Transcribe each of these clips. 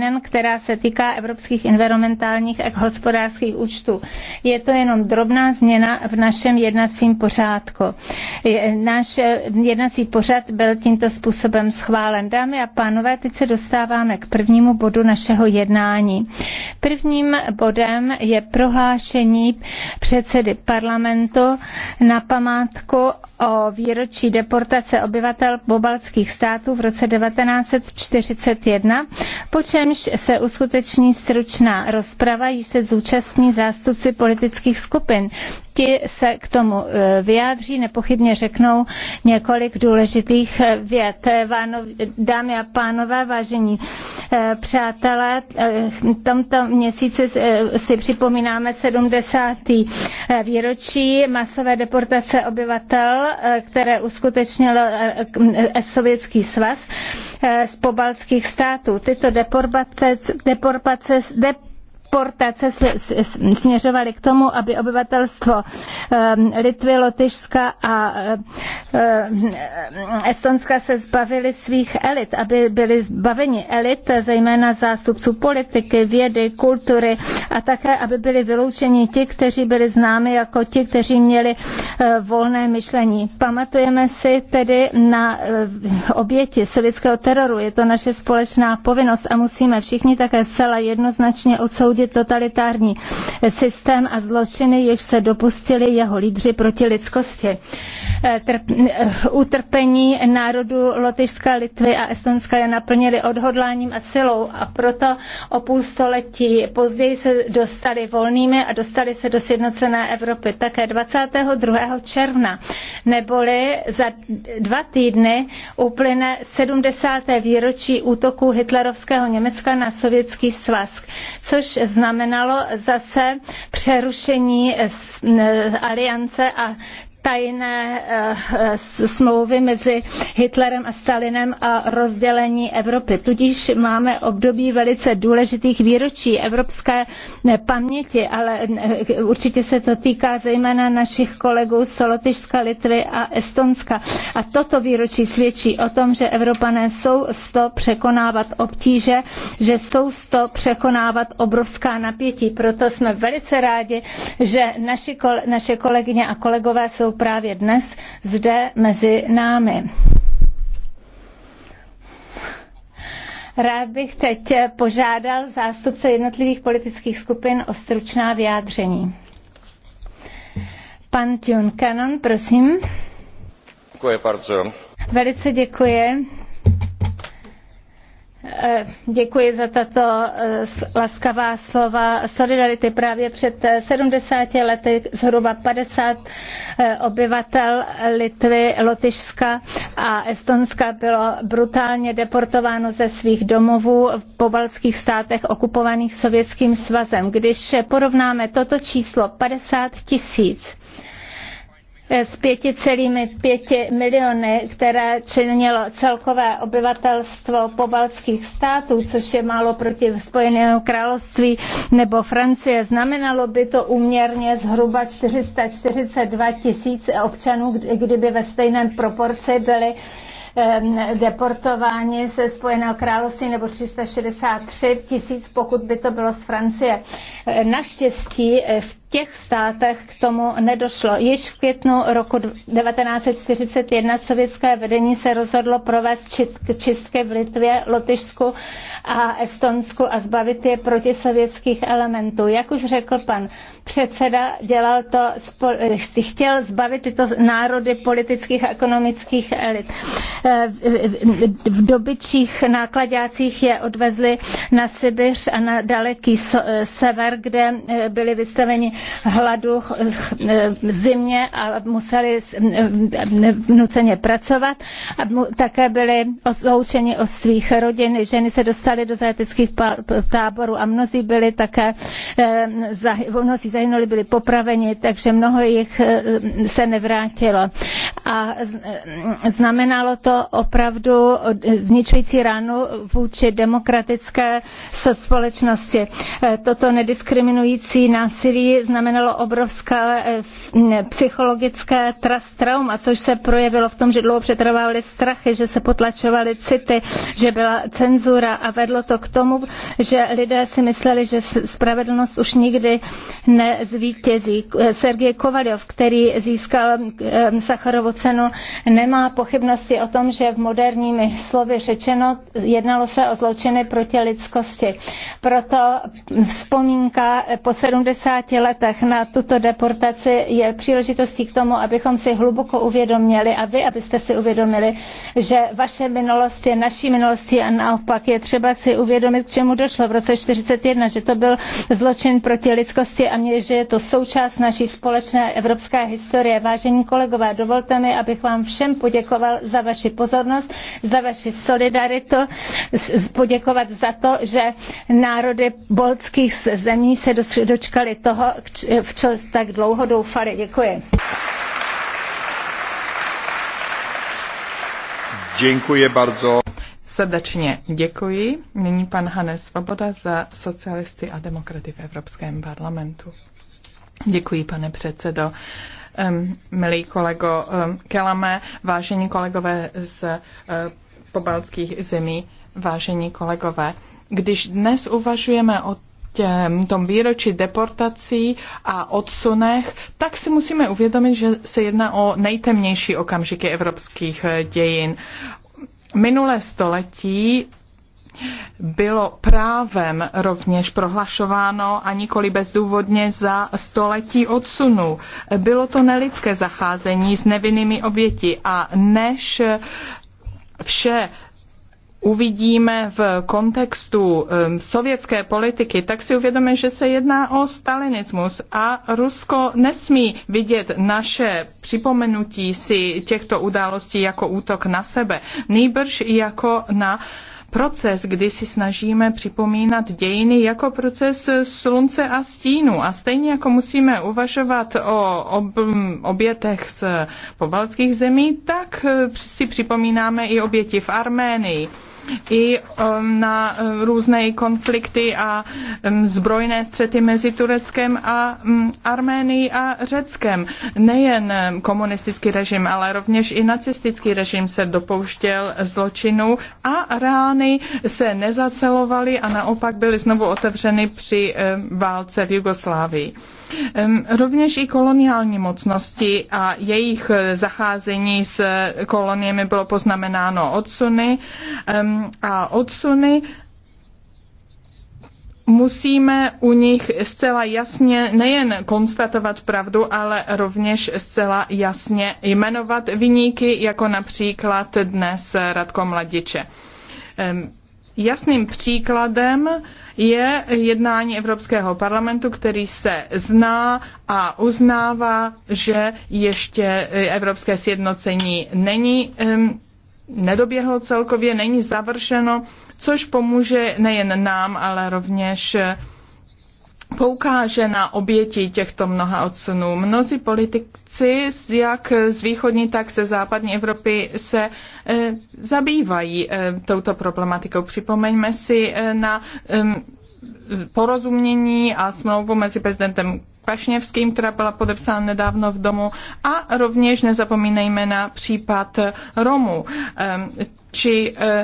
týden, která se týká evropských environmentálních a hospodářských účtů. Je to jenom drobná změna v našem jednacím pořádku. Náš eh, jednací pořad byl tímto způsobem schválen. Dámy a pánové, teď se dostáváme k prvnímu bodu našeho jednání. Prvním bodem je prohlášení předsedy parlamentu na památku o výročí deportace obyvatel pobaltských států v roce 1941, po čem čemž se uskuteční stručná rozprava, již se zúčastní zástupci politických skupin. Ti se k tomu eh, vyjádří, nepochybně řeknou několik důležitých eh, vět. Dámy a pánové, vážení eh, přátelé, v tomto měsíci si připomínáme 70. výročí masové deportace obyvatel, které uskutečnil Sovětský svaz. Eh, z pobaltských států. Tyto deportace, deportace, deportace směřovaly k tomu, aby obyvatelstvo ehm, Litvy, Lotyšska a ehm, ehm, Estonska se zbavili svých elit, aby byli zbaveni elit, zejména zástupců politiky, vědy, kultury a také, aby byli vyloučeni ti, kteří byli známi jako ti, kteří měli eh, volné myšlení. Pamatujeme si tedy na eh, oběti sovětského teroru. Je to naše společná povinnost a musíme všichni také zcela jednoznačně odsoudit odsoudit totalitární systém a zločiny, jež se dopustili jeho lídři proti lidskosti. Eh, trp- eh, utrpení národu Lotyšska, Litvy a Estonska je naplnili odhodláním a silou a proto o půl století později se dostali volnými a dostali se do sjednocené Evropy. Také 22. června, neboli za dva týdny uplyne 70. výročí útoku hitlerovského Německa na sovětský svaz, což znamenalo zase přerušení aliance a tajné eh, eh, smlouvy mezi Hitlerem a Stalinem a rozdělení Evropy. Tudíž máme období velice důležitých výročí evropské eh, paměti, ale určitě se to týká zejména našich kolegů z Lotyšska, Litvy a Estonska. A toto výročí svědčí o tom, že Evropané jsou to překonávat obtíže, že jsou to překonávat obrovská napětí. Proto jsme velice rádi, že naši, naše kolegyně a kolegové jsou jsou právě dnes zde mezi námi. Rád bych teď požádal zástupce jednotlivých politických skupin o stručná vyjádření. Pan Tune Cannon, prosím. Děkuji bardzo. Velice děkuji. Eh, děkuji za tato eh, laskavá slova solidarity. Právě před 70 eh, lety zhruba 50 obyvatel Litvy, Lotyšska a Estonska bylo brutálně deportováno ze svých domovů v pobaltských státech okupovaných Sovětským svazem. Když porovnáme toto číslo 50 tisíc Eh, s 5,5 miliony, které činilo celkové obyvatelstvo pobaltských států, což je málo proti Spojeného království nebo Francie. Znamenalo by to uměrně zhruba 442 tisíc občanů, kdyby ve stejném proporci byly deportováni ze Spojeného království nebo 363 tisíc, pokud by to bylo z Francie. Eh, naštěstí eh, v těch státech k tomu nedošlo. Již v květnu roku 1941 sovětské vedení se rozhodlo provést čistky v Litvě, Lotyšsku a Estonsku a zbavit je proti sovětských elementů. Jak už řekl pan předseda, dělal to, eh, chtěl zbavit tyto národy politických a ekonomických elit. Eh, v dobyčích nákladácích je odvezli na Sibiř a na daleký eh, sever, kde byli vystaveni hladu, e, zimě a museli nuceně pracovat a také byli odloučeni od svých rodin. Ženy se dostaly do zajetických táborů a mnozí byli také, e, mnozí zahynuli, byli popraveni, takže mnoho jich e, se nevrátilo. A znamenalo to opravdu zničující ránu vůči demokratické společnosti. Toto nediskriminující násilí znamenalo obrovské eh, psychologické trauma, což se projevilo v tom, že dlouho přetrvávaly strachy, že se potlačovaly city, že byla cenzura a vedlo to k tomu, že lidé si mysleli, že spravedlnost už nikdy nezvítězí. Eh, Sergej Kovaljov, který získal eh, Sacharovu cenu, nemá pochybnosti o tom, že v moderními slovy řečeno jednalo se o zločiny proti lidskosti. Proto vzpomínka po 70 let letech na tuto deportaci je příležitostí k tomu, abychom si hluboko uvědomili a vy, abyste si uvědomili, že vaše minulost je naší minulostí a naopak je třeba si uvědomit, k čemu došlo v roce 41, že to byl zločin proti lidskosti a mě, že je to součást naší společné evropské historie. Vážení kolegové, dovolte mi, abych vám všem poděkoval za vaši pozornost, za vaši solidaritu poděkovat za to, že národy boltských zemí se dočkali toho, v co tak dlouho doufali. Děkuji. Děkuji bardzo. Srdečně děkuji. Nyní pan Hanes Svoboda za socialisty a demokraty v Evropském parlamentu. Děkuji, pane předsedo. Um, milý kolego um, Kelame, vážení kolegové z uh, pobaltských zemí, vážení kolegové, když dnes uvažujeme o těm, tom výročí deportací a odsunech, tak si musíme uvědomit, že se jedná o nejtemnější okamžiky evropských eh, dějin. Minulé století bylo právem rovněž prohlašováno a nikoli bezdůvodně za století odsunu. Bylo to nelidské zacházení s nevinnými oběti a než vše uvidíme v kontextu sovětské politiky, tak si uvědomíme, že se jedná o stalinismus a Rusko nesmí vidět naše připomenutí si těchto událostí jako útok na sebe, nýbrž jako na uh, proces, kdy si snažíme připomínat dějiny jako proces slunce a stínu. A stejně jako musíme uvažovat o ob, obětech z pobaltských zemí, tak si připomínáme i oběti v Arménii i um, na eh, různé konflikty a mm, zbrojné střety mezi Tureckem a mm, Arménií a Řeckem. Nejen eh, komunistický režim, ale rovněž i nacistický režim se dopouštěl zločinů a rány se nezacelovaly a naopak byly znovu otevřeny při eh, válce v Jugoslávii. Rovněž i koloniální mocnosti a jejich eh, zacházení s koloniemi bylo poznamenáno odsuny a odsuny musíme u nich zcela jasně nejen konstatovat pravdu, ale rovněž zcela jasně jmenovat vyníky, jako například dnes Radko Mladiče. Jasným příkladem je jednání Evropského parlamentu, který se zná a uznává, že ještě eh, evropské sjednocení není um, nedoběhlo celkově, není završeno, což pomůže nejen nám, ale rovněž eh, poukáže na oběti těchto mnoha odsunů. Mnozí politici, jak z východní, tak ze západní Evropy, se e, zabývají e, touto problematikou. Připomeňme si e, na e, porozumění a smlouvu mezi prezidentem Pašněvským, která byla podepsána nedávno v domu a rovněž nezapomínejme na případ Romů či e, eh,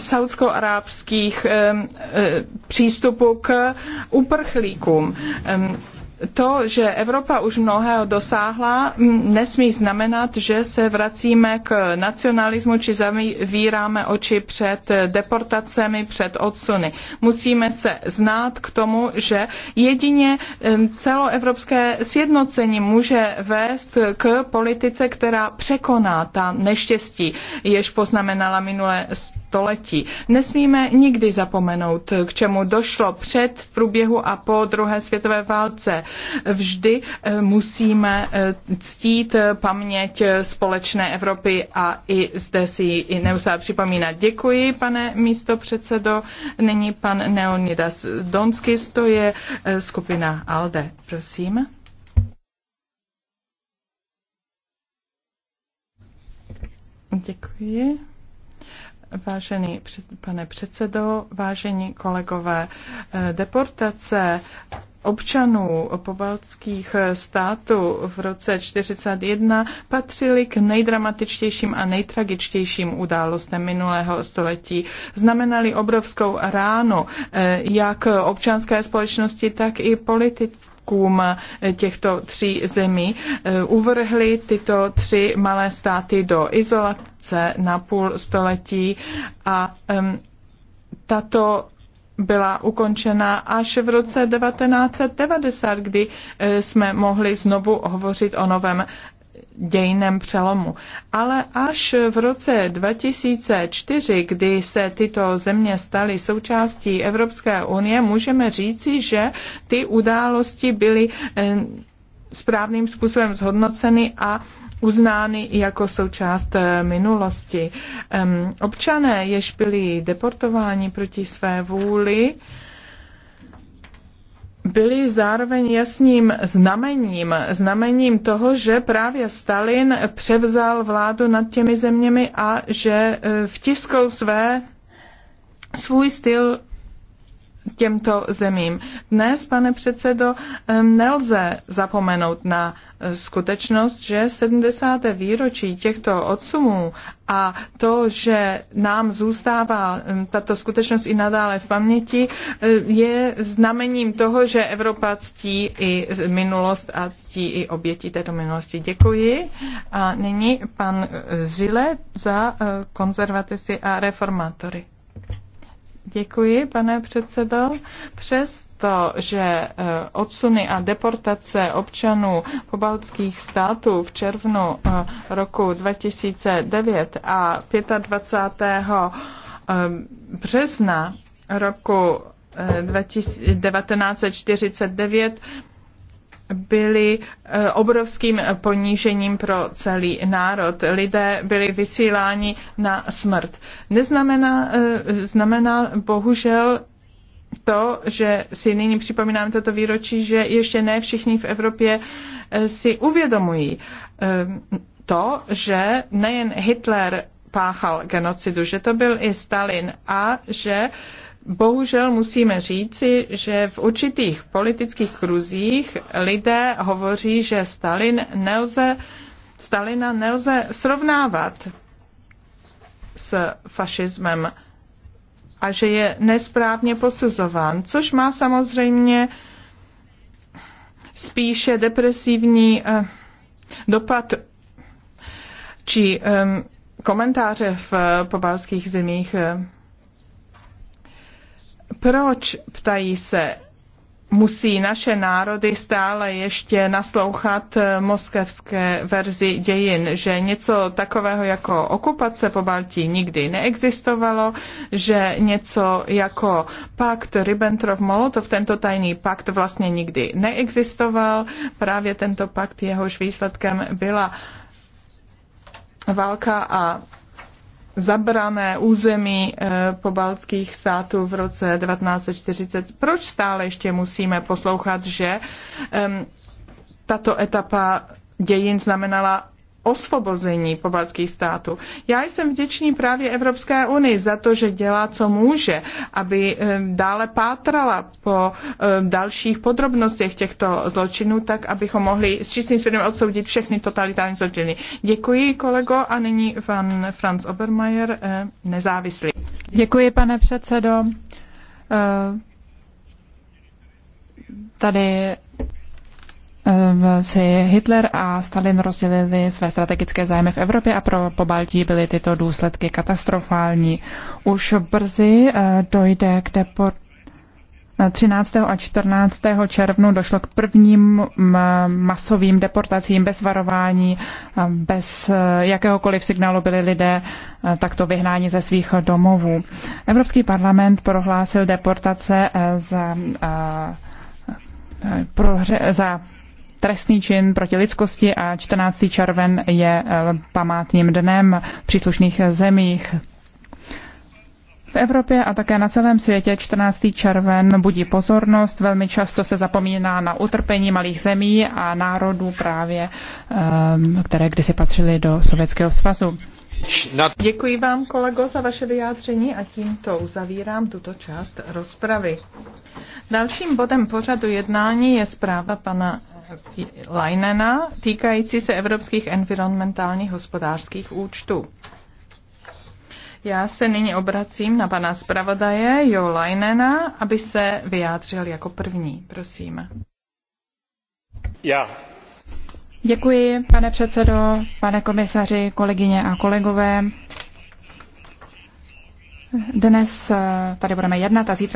saudsko-arábských e, eh, e, eh, přístupů k uprchlíkům. E, to, že Evropa už mnohého dosáhla, nesmí znamenat, že se vracíme k nacionalismu či zavíráme oči před deportacemi, před odsuny. Musíme se znát k tomu, že jedině celoevropské sjednocení může vést k politice, která překoná ta neštěstí, jež poznamenala minulé století století. Nesmíme nikdy zapomenout, k čemu došlo před, v průběhu a po druhé světové válce. Vždy eh, musíme eh, ctít eh, paměť společné Evropy a i zde si ji neustále připomínat. Děkuji, pane místo předsedo. Nyní pan Neonidas Donsky, to je skupina ALDE. Prosím. Děkuji. Vážený pane předsedo, vážení kolegové, eh, deportace občanů pobaltských států v roce 1941 patřili k nejdramatičtějším a nejtragičtějším událostem minulého století. Znamenali obrovskou ránu eh, jak občanské společnosti, tak i politické požadavkům těchto tří zemí, eh, uvrhly tyto tři malé státy do izolace na půl století a tato byla ukončena až v roce 1990, kdy eh, jsme mohli znovu hovořit o novém dějinem přelomu. Ale až v roce 2004, kdy se tyto země staly součástí Evropské unie, můžeme říci, že ty události byly eh, správným způsobem zhodnoceny a uznány jako součást eh, minulosti. Občané, jež byli deportováni proti své vůli, byly zároveň jasným znamením, znamením toho, že právě Stalin převzal vládu nad těmi zeměmi a že eh, vtiskl své svůj styl těmto zemím. Dnes, pane předsedo, nelze zapomenout na eh, skutečnost, že 70. výročí těchto odsumů a to, že nám zůstává tato skutečnost i nadále v paměti, eh, je znamením toho, že Evropa ctí i minulost a ctí i oběti této minulosti. Děkuji. A nyní pan eh, Zile za konzervativci a reformátory. Děkuji, pane předsedo. Přesto, že e, odsuny a deportace občanů pobaltských států v červnu e, roku 2009 a 25. E, března roku 1949 byly eh, obrovským ponížením pro celý národ. Lidé byli vysíláni na smrt. Neznamená, eh, znamená bohužel to, že si nyní připomínám toto výročí, že ještě ne všichni v Evropě eh, si uvědomují to, že nejen Hitler páchal genocidu, že to byl i Stalin a že Bohužel musíme říci, že v určitých politických kruzích lidé hovoří, že Stalin nelze, Stalina nelze srovnávat s fašismem a že je nesprávně posuzován, což má samozřejmě spíše depresivní eh, dopad či eh, komentáře v eh, pobalských zemích eh, proč, ptají se, musí naše národy stále ještě naslouchat eh, moskevské verzi dějin, že něco takového jako okupace po Baltí nikdy neexistovalo, že něco jako pakt Ribbentrop-Molotov, tento tajný pakt vlastně nikdy neexistoval, právě tento pakt jehož výsledkem byla válka a zabrané území eh, pobaltských států v roce 1940. Proč stále ještě musíme poslouchat, že ehm, tato etapa dějin znamenala osvobození pobaltských států. Já jsem vděčný právě Evropské unii za to, že dělá, co může, aby eh, dále pátrala po eh, dalších podrobnostech těchto zločinů, tak abychom mohli s čistým svědomím odsoudit všechny totalitární zločiny. Děkuji, kolego, a nyní pan Franz Obermeier, eh, nezávislý. Děkuji, pane předsedo. Tady si Hitler a Stalin rozdělili své strategické zájmy v Evropě a pro Pobaltí byly tyto důsledky katastrofální. Už brzy eh, dojde k deportu. 13. a 14. červnu došlo k prvním masovým deportacím bez varování, eh, bez eh, jakéhokoliv signálu byli lidé takto vyhnáni ze svých domovů. Evropský parlament prohlásil deportace za, za trestný čin proti lidskosti a 14. červen je eh, památným dnem v příslušných zemích. V Evropě a také na celém světě 14. červen budí pozornost. Velmi často se zapomíná na utrpení malých zemí a národů právě, eh, které kdysi patřily do Sovětského svazu. Děkuji vám, kolego, za vaše vyjádření a tímto uzavírám tuto část rozpravy. Dalším bodem pořadu jednání je zpráva pana Leinena týkající se evropských environmentálních hospodářských účtů. Já se nyní obracím na pana zpravodaje Jo Leinena, aby se vyjádřil jako první. Prosím. Já. Děkuji, pane předsedo, pane komisaři, kolegyně a kolegové. Dnes tady budeme jednat a zítra